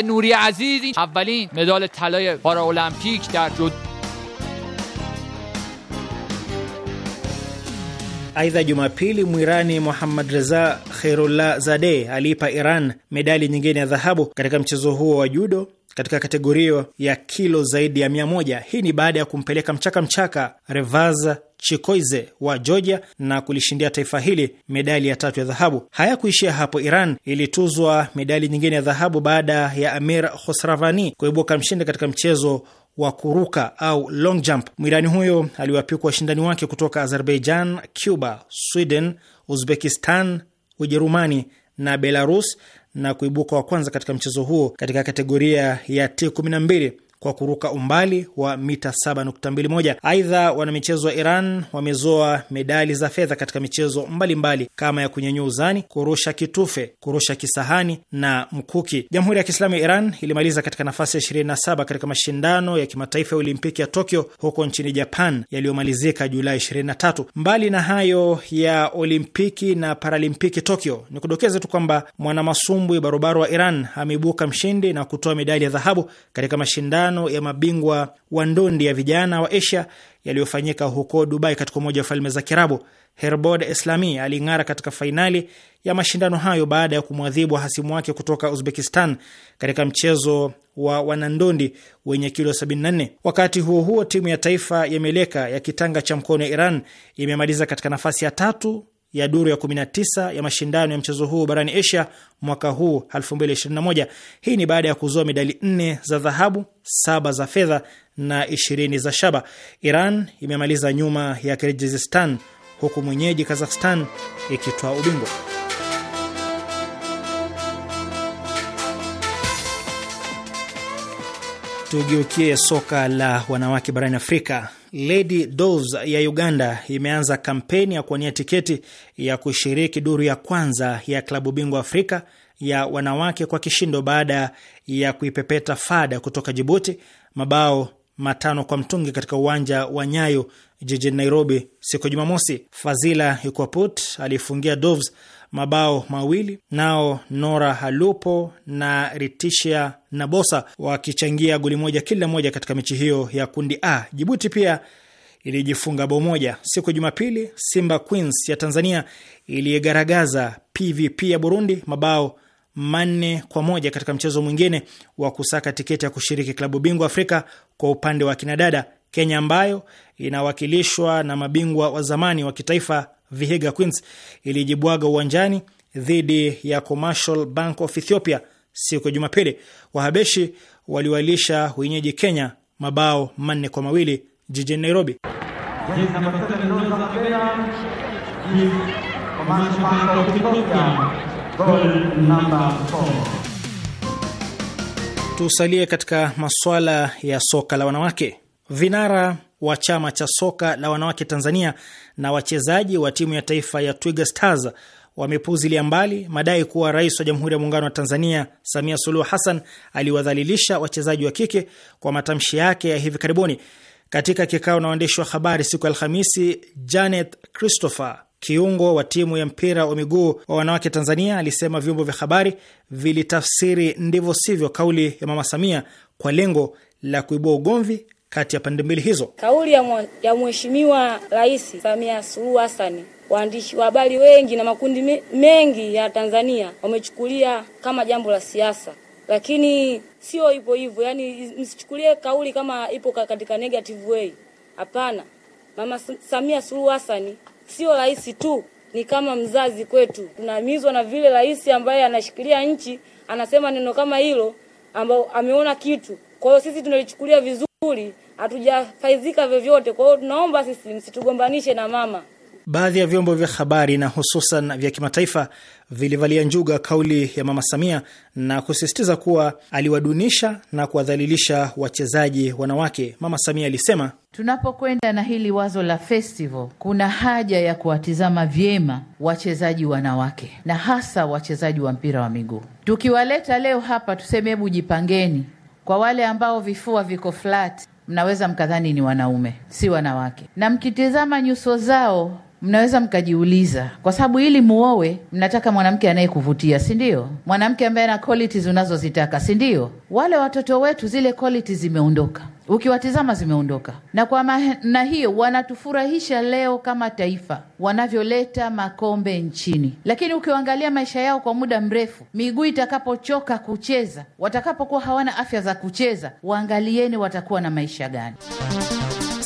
Nuri Aziz avvalin medal para dar Aidha, Jumapili Mwirani Muhammad Reza Khairullah Zadeh aliipa Iran medali nyingine ya dhahabu katika mchezo huo wa judo katika kategoria ya kilo zaidi ya 100. Hii ni baada ya kumpeleka mchaka mchaka Revaz Chikoize wa Georgia na kulishindia taifa hili medali ya tatu ya dhahabu. Hayakuishia hapo, Iran ilituzwa medali nyingine ya dhahabu baada ya Amir Khosravani kuibuka mshindi katika mchezo wa kuruka au long jump. Mwirani huyo aliwapikwa washindani wake kutoka Azerbaijan, Cuba, Sweden, Uzbekistan, Ujerumani na Belarus na kuibuka wa kwanza katika mchezo huo katika kategoria ya T12 kwa kuruka umbali wa mita 7.21. Aidha, wanamichezo wa Iran wamezoa medali za fedha katika michezo mbalimbali mbali, kama ya kunyanyua uzani, kurusha kitufe, kurusha kisahani na mkuki. Jamhuri ya Kiislamu ya Iran ilimaliza katika nafasi ya 27 katika mashindano ya kimataifa ya Olimpiki ya Tokyo huko nchini Japan yaliyomalizika Julai 23. Mbali na hayo ya Olimpiki na Paralimpiki Tokyo, ni kudokeza tu kwamba mwanamasumbwi barobaro wa Iran ameibuka mshindi na kutoa medali ya dhahabu katika mashindano mashindano ya mabingwa wa ndondi ya vijana wa Asia yaliyofanyika huko Dubai katika Umoja wa Falme za Kiarabu. Herbod islami aling'ara katika fainali ya mashindano hayo baada ya kumwadhibu hasimu wake kutoka Uzbekistan katika mchezo wa wanandondi wenye kilo 74. Wakati huo huo, timu ya taifa ya meleka ya kitanga cha mkono ya Iran imemaliza katika nafasi ya tatu ya duru ya 19 ya mashindano ya mchezo huu barani Asia mwaka huu 2021. Hii ni baada ya kuzoa medali nne za dhahabu, saba za fedha na 20 za shaba. Iran imemaliza nyuma ya Kirgizistan huku mwenyeji Kazakhstan ikitoa ubingwa. Tugeukie soka la wanawake barani Afrika Lady doves ya Uganda imeanza kampeni ya kuwania tiketi ya kushiriki duru ya kwanza ya klabu bingwa Afrika ya wanawake kwa kishindo baada ya kuipepeta Fada kutoka Jibuti mabao matano kwa mtungi katika uwanja wa Nyayo jijini Nairobi siku ya Jumamosi. Fazila Ikwaput alifungia Doves mabao mawili, nao Nora Halupo na Ritisha Nabosa wakichangia goli moja kila moja katika mechi hiyo ya kundi A. Jibuti pia ilijifunga bao moja. Siku ya Jumapili, Simba Queens ya Tanzania iliyegaragaza PVP ya Burundi mabao manne kwa moja katika mchezo mwingine wa kusaka tiketi ya kushiriki klabu bingwa Afrika kwa upande wa kinadada. Kenya ambayo inawakilishwa na mabingwa wa zamani wa kitaifa Vihiga Queens ilijibwaga uwanjani dhidi ya Commercial Bank of Ethiopia siku ya Jumapili. Wahabeshi waliwalisha wenyeji Kenya mabao manne kwa mawili jijini Nairobi. Tusalie katika masuala ya soka la wanawake. Vinara wa chama cha soka la wanawake Tanzania na wachezaji wa timu ya taifa ya Twiga Stars wamepuzilia mbali madai kuwa Rais wa Jamhuri ya Muungano wa Tanzania Samia Suluhu Hassan aliwadhalilisha wachezaji wa kike kwa matamshi yake ya hivi karibuni. Katika kikao na waandishi wa habari siku ya Alhamisi, Janet Christopher, kiungo wa timu ya mpira wa miguu wa wanawake Tanzania, alisema vyombo vya habari vilitafsiri ndivyo sivyo kauli ya Mama Samia kwa lengo la kuibua ugomvi kati ya pande mbili hizo. Kauli ya mheshimiwa Rais Samia Suluhu Hassan waandishi wa habari wengi na makundi mengi ya Tanzania wamechukulia kama jambo la siasa, lakini sio hivyo hivyo. Yani, msichukulie kauli kama ipo katika negative way. Hapana, Mama Samia Suluhu Hassan sio rais tu, ni kama mzazi kwetu. Tunaamizwa na vile rais ambaye anashikilia nchi anasema neno kama hilo, ambao ameona kitu. Kwa hiyo sisi tunalichukulia vizuri shughuli hatujafaidhika vyovyote. Kwa hiyo tunaomba sisi msitugombanishe na mama. Baadhi ya vyombo vya habari na hususan vya kimataifa vilivalia njuga kauli ya Mama Samia na kusisitiza kuwa aliwadunisha na kuwadhalilisha wachezaji wanawake. Mama Samia alisema, tunapokwenda na hili wazo la festival, kuna haja ya kuwatizama vyema wachezaji wanawake na hasa wachezaji wa mpira wa miguu. Tukiwaleta leo hapa tuseme, hebu jipangeni, kwa wale ambao vifua viko flat, mnaweza mkadhani ni wanaume, si wanawake, na mkitizama nyuso zao mnaweza mkajiuliza, kwa sababu ili muowe mnataka mwanamke anayekuvutia, si ndio? Mwanamke ambaye ana qualities unazozitaka, si ndio? Wale watoto wetu zile qualities zimeondoka, ukiwatizama zimeondoka, na kwa maana hiyo wanatufurahisha leo kama taifa wanavyoleta makombe nchini, lakini ukiwaangalia maisha yao kwa muda mrefu, miguu itakapochoka kucheza, watakapokuwa hawana afya za kucheza, waangalieni watakuwa na maisha gani?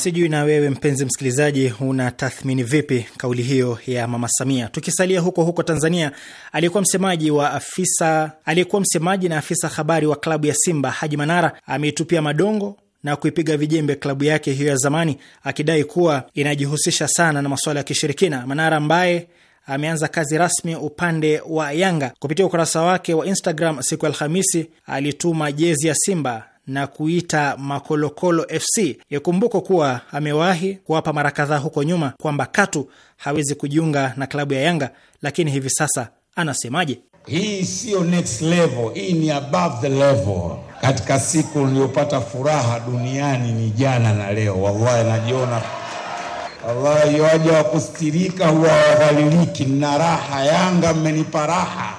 Sijui na wewe mpenzi msikilizaji, una tathmini vipi kauli hiyo ya mama Samia? Tukisalia huko huko Tanzania, aliyekuwa msemaji wa afisa aliyekuwa msemaji na afisa habari wa klabu ya Simba Haji Manara ameitupia madongo na kuipiga vijembe klabu yake hiyo ya zamani, akidai kuwa inajihusisha sana na masuala ya kishirikina. Manara ambaye ameanza kazi rasmi upande wa Yanga kupitia ukurasa wake wa Instagram siku ya Alhamisi alituma jezi ya Simba na kuita Makolokolo FC. Yakumbuko kuwa amewahi kuwapa mara kadhaa huko nyuma kwamba katu hawezi kujiunga na klabu ya Yanga, lakini hivi sasa anasemaje? Hii siyo next level, hii ni above the level. Katika siku niliyopata furaha duniani ni jana na leo, wallahi najiona wallahi, waja wa kustirika huwa wadhaliliki. Nina raha, Yanga mmenipa raha,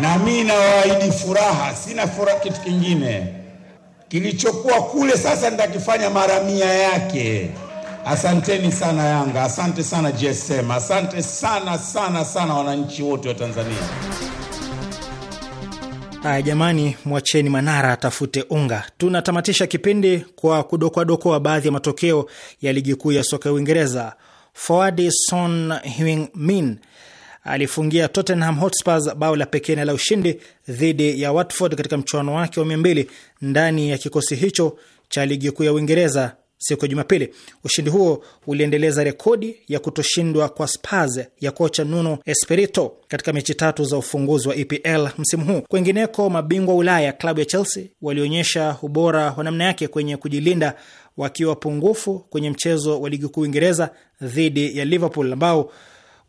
na mi nawaahidi furaha, sina furaha kitu kingine kilichokuwa kule sasa nitakifanya mara mia yake. Asanteni sana Yanga, asante sana GSM, asante sana sana sana wananchi wote wa Tanzania. Haya jamani, mwacheni Manara atafute unga. Tunatamatisha kipindi kwa kudokoadokoa baadhi ya matokeo ya ligi kuu ya soka ya Uingereza. Forward Son Heung-min alifungia Tottenham Hotspurs bao la pekee la ushindi dhidi ya Watford katika mchuano wake wa mia mbili ndani ya kikosi hicho cha ligi kuu ya Uingereza siku ya Jumapili. Ushindi huo uliendeleza rekodi ya kutoshindwa kwa Spurs ya kocha Nuno Espirito katika mechi tatu za ufunguzi wa EPL msimu huu. Kwengineko, mabingwa Ulaya klabu ya Chelsea walionyesha ubora wa namna yake kwenye kujilinda wakiwa pungufu kwenye mchezo wa ligi kuu Uingereza dhidi ya Liverpool ambao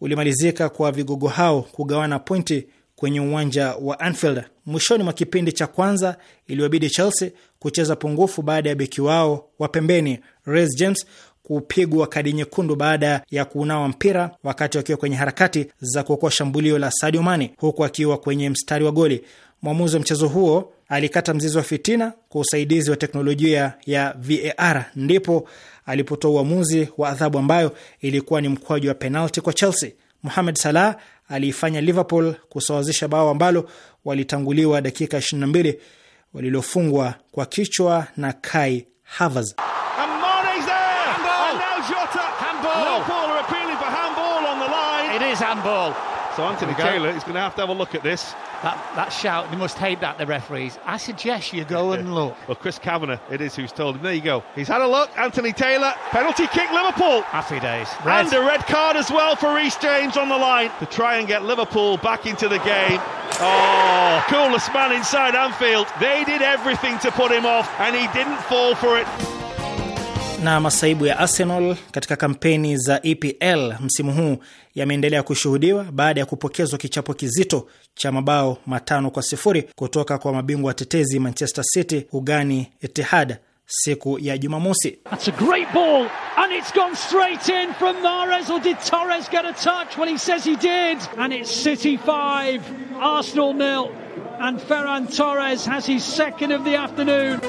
ulimalizika kwa vigogo hao kugawana pointi kwenye uwanja wa Anfield. Mwishoni mwa kipindi cha kwanza, iliyobidi Chelsea kucheza pungufu baada ya beki wao wa pembeni Reece James kupigwa kadi nyekundu baada ya kuunawa mpira wakati wakiwa kwenye harakati za kuokoa shambulio la Sadio Mane huku akiwa kwenye mstari wa goli. Mwamuzi wa mchezo huo alikata mzizi wa fitina kwa usaidizi wa teknolojia ya VAR, ndipo alipotoa uamuzi wa adhabu ambayo ilikuwa ni mkwaju wa penalti kwa Chelsea. Mohamed Salah aliifanya Liverpool kusawazisha bao ambalo walitanguliwa dakika 22 walilofungwa kwa kichwa na Kai Havertz. Handball. So Anthony Taylor is going to have to have a look at this. That, that shout, they must hate that, the referees. I suggest you go and [LAUGHS] look. well, Chris Kavanagh, it is who's told him. There you go. He's had a look. Anthony Taylor, penalty kick, Liverpool. Happy days. Red. And a red card as well for Reece James on the line to try and get Liverpool back into the game. Oh, coolest man inside Anfield. They did everything to put him off, and he didn't fall for it. na masaibu ya Arsenal katika kampeni za EPL msimu huu yameendelea kushuhudiwa baada ya kupokezwa kichapo kizito cha mabao matano kwa sifuri kutoka kwa mabingwa watetezi Manchester City ugani Etihad siku ya Jumamosi. Arsenal nil and Ferran Torres has his second of the afternoon.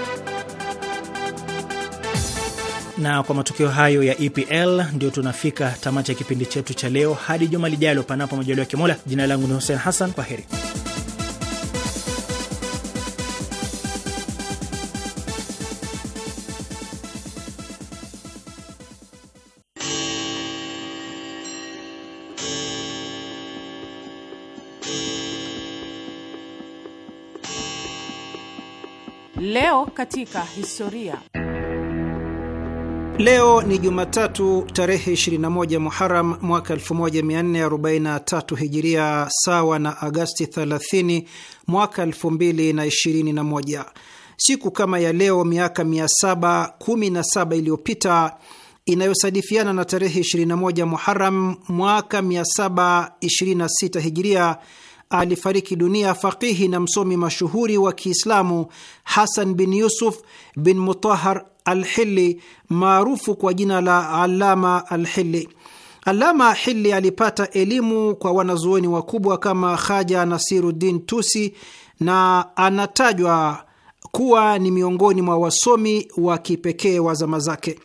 Na kwa matokeo hayo ya EPL ndio tunafika tamati ya kipindi chetu cha leo. Hadi juma lijalo, panapo majaliwa ya Kimola. Jina langu ni Hussein Hassan, kwa heri. Leo katika historia Leo ni Jumatatu tarehe 21 Muharam mwaka 1443 Hijiria, sawa na Agasti 30 mwaka 2021. Siku kama ya leo miaka 717 iliyopita inayosadifiana na tarehe 21 Muharam mwaka 726 Hijiria, alifariki dunia faqihi na msomi mashuhuri wa Kiislamu Hasan bin Yusuf bin Mutahar Alhili maarufu kwa jina la Alama Alhili. Alama Hili alipata elimu kwa wanazuoni wakubwa kama Haja Nasiruddin Tusi na anatajwa kuwa ni miongoni mwa wasomi wa kipekee wa zama zake.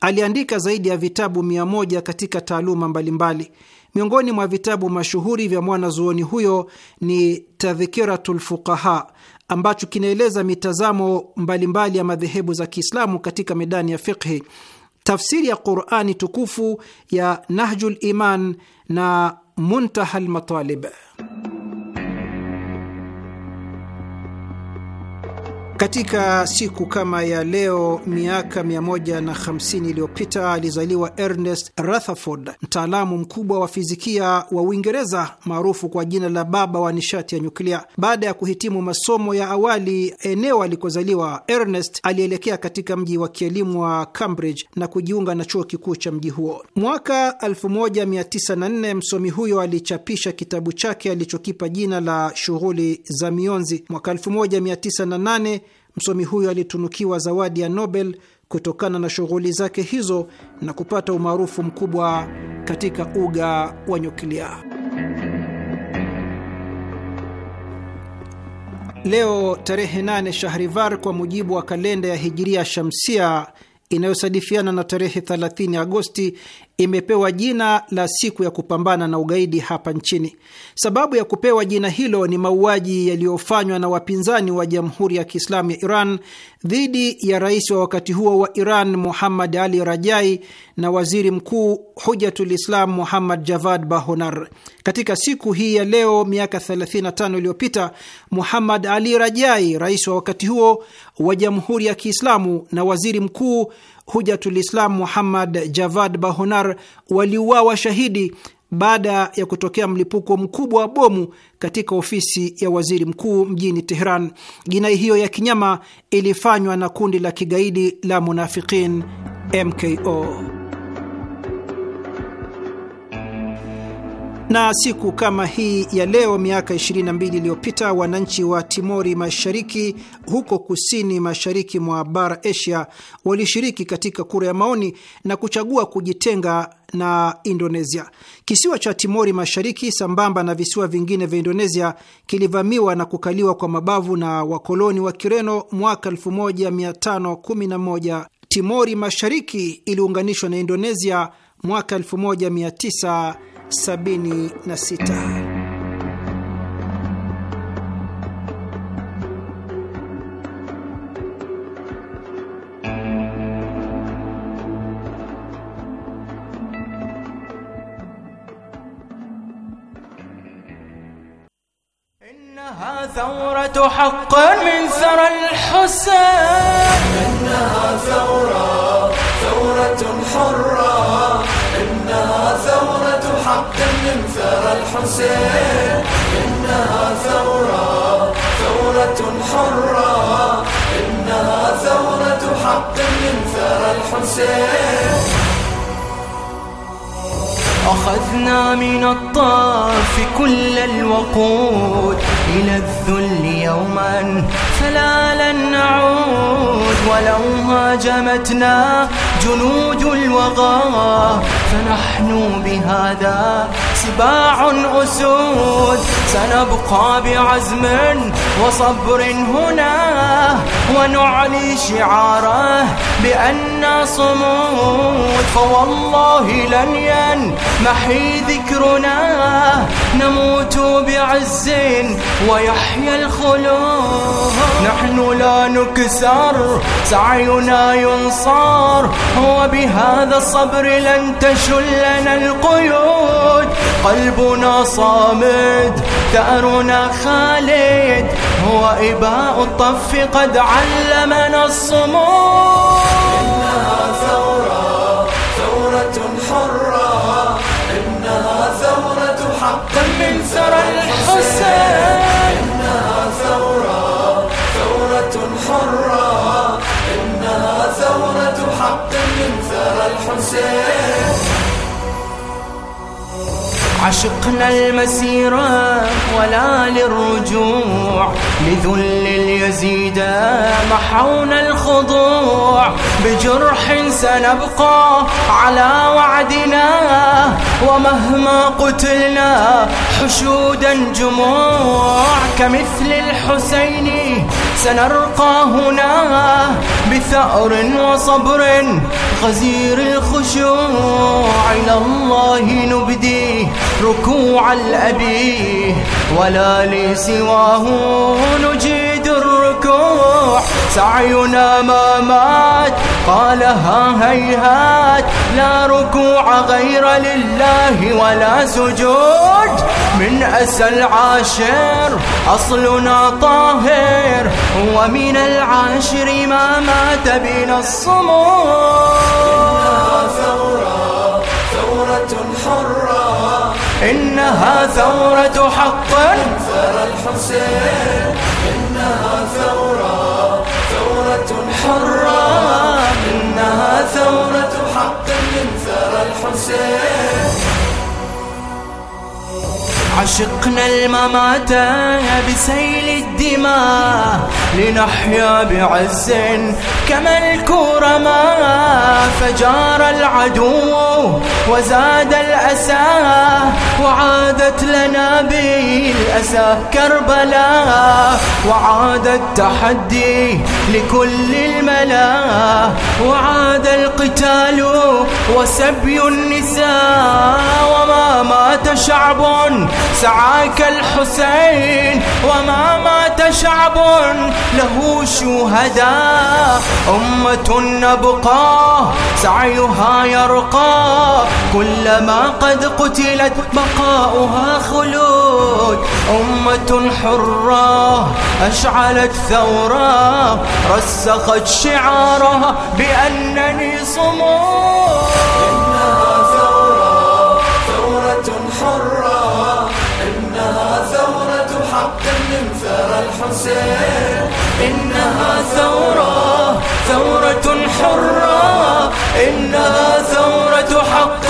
Aliandika zaidi ya vitabu mia moja katika taaluma mbalimbali. Miongoni mwa vitabu mashuhuri vya mwanazuoni huyo ni Tadhkiratul ambacho kinaeleza mitazamo mbalimbali ya madhehebu za Kiislamu katika medani ya fiqhi, tafsiri ya Qurani tukufu ya Nahjul Iman na Muntaha lmatalib Katika siku kama ya leo miaka 150 iliyopita alizaliwa Ernest Rutherford, mtaalamu mkubwa wa fizikia wa Uingereza maarufu kwa jina la baba wa nishati ya nyuklia. Baada ya kuhitimu masomo ya awali eneo alikozaliwa, Ernest alielekea katika mji wa kielimu wa Cambridge na kujiunga na chuo kikuu cha mji huo. Mwaka 1904 msomi huyo alichapisha kitabu chake alichokipa jina la Shughuli za Mionzi. Mwaka 1908 Msomi huyo alitunukiwa zawadi ya Nobel kutokana na shughuli zake hizo na kupata umaarufu mkubwa katika uga wa nyuklia. Leo tarehe 8 Shahrivar kwa mujibu wa kalenda ya Hijiria Shamsia inayosadifiana na tarehe 30 Agosti imepewa jina la siku ya kupambana na ugaidi hapa nchini. Sababu ya kupewa jina hilo ni mauaji yaliyofanywa na wapinzani wa Jamhuri ya Kiislamu ya Iran dhidi ya rais wa wakati huo wa Iran Muhammad Ali Rajai na waziri mkuu Hujatul Islam Muhammad Javad Bahonar. Katika siku hii ya leo miaka 35 iliyopita, Muhammad Ali Rajai, rais wa wakati huo wa Jamhuri ya Kiislamu na waziri mkuu Hujatulislam Muhammad Javad Bahonar waliuawa shahidi baada ya kutokea mlipuko mkubwa wa bomu katika ofisi ya waziri mkuu mjini Tehran. Jinai hiyo ya kinyama ilifanywa na kundi la kigaidi la Munafiqin MKO. Na siku kama hii ya leo miaka 22 iliyopita wananchi wa Timori Mashariki huko kusini mashariki mwa bara Asia walishiriki katika kura ya maoni na kuchagua kujitenga na Indonesia. Kisiwa cha Timori Mashariki sambamba na visiwa vingine vya Indonesia kilivamiwa na kukaliwa kwa mabavu na wakoloni wa Kireno mwaka 1511. Timori Mashariki iliunganishwa na Indonesia mwaka 19 76. ثورة حق من ثرى الحسين إنها ثورة ثورة حرة إنها ثورة حق انثار الحسين إنها ثورة ثورة حرة إنها ثورة حق انثار الحسين أخذنا من الطاف كل الوقود إلى الذل يوما فلا لن نعود ولو هاجمتنا جنود الوغى فنحن بهذا سباع أسود سنبقى بعزم وصبر هنا ونعلي شعاره بأن عنا صمود فوالله لن ينمحي ذكرنا نموت بعز ويحيى الخلود نحن لا نكسر سعينا ينصار وبهذا الصبر لن تشلنا القيود قلبنا صامد ثأرنا خالد وإباء الطف قد علمنا الصمود yeah. عشقنا المسيرة ولا للرجوع لذل اليزيد محونا الخضوع بجرح سنبقى على وعدنا ومهما قتلنا حشودا جموع كمثل الحسين سنرقى هنا بثأر وصبر غزير الخشوع إلى الله نبديه ركوع الأبيه ولا لسواه نجيد الركوع سعينا ما مات قال ها هيهات لا ركوع غير لله ولا سجود من أسى العاشر أصلنا طاهر ومن العاشر ما مات بنا الصمود إنها ثورة ثورة حرة إنها ثورة حق فر الحسين إنها ثورة عشقنا الممات بسيل الدماء لنحيا بعز كما الكرماء فجار العدو وزاد الأسى وعادت لنا بالأسى كربلاء وعاد التحدي لكل الملا وعاد القتال وسبي النساء وما مات شعب سعاك الحسين وما مات شعب له شهداء أمة نبقى سعيها يرقى كلما قد قتلت بقاؤها خلود أمة حرة أشعلت ثورة رسخت شعارها بأنني صمود إنها ثورة ثورة حرة إنها ثورة حق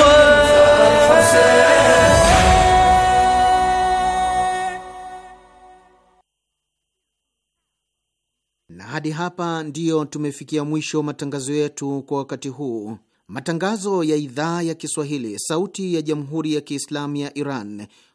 na hadi hapa ndiyo tumefikia mwisho matangazo yetu kwa wakati huu. Matangazo ya idhaa ya Kiswahili, sauti ya jamhuri ya Kiislamu ya Iran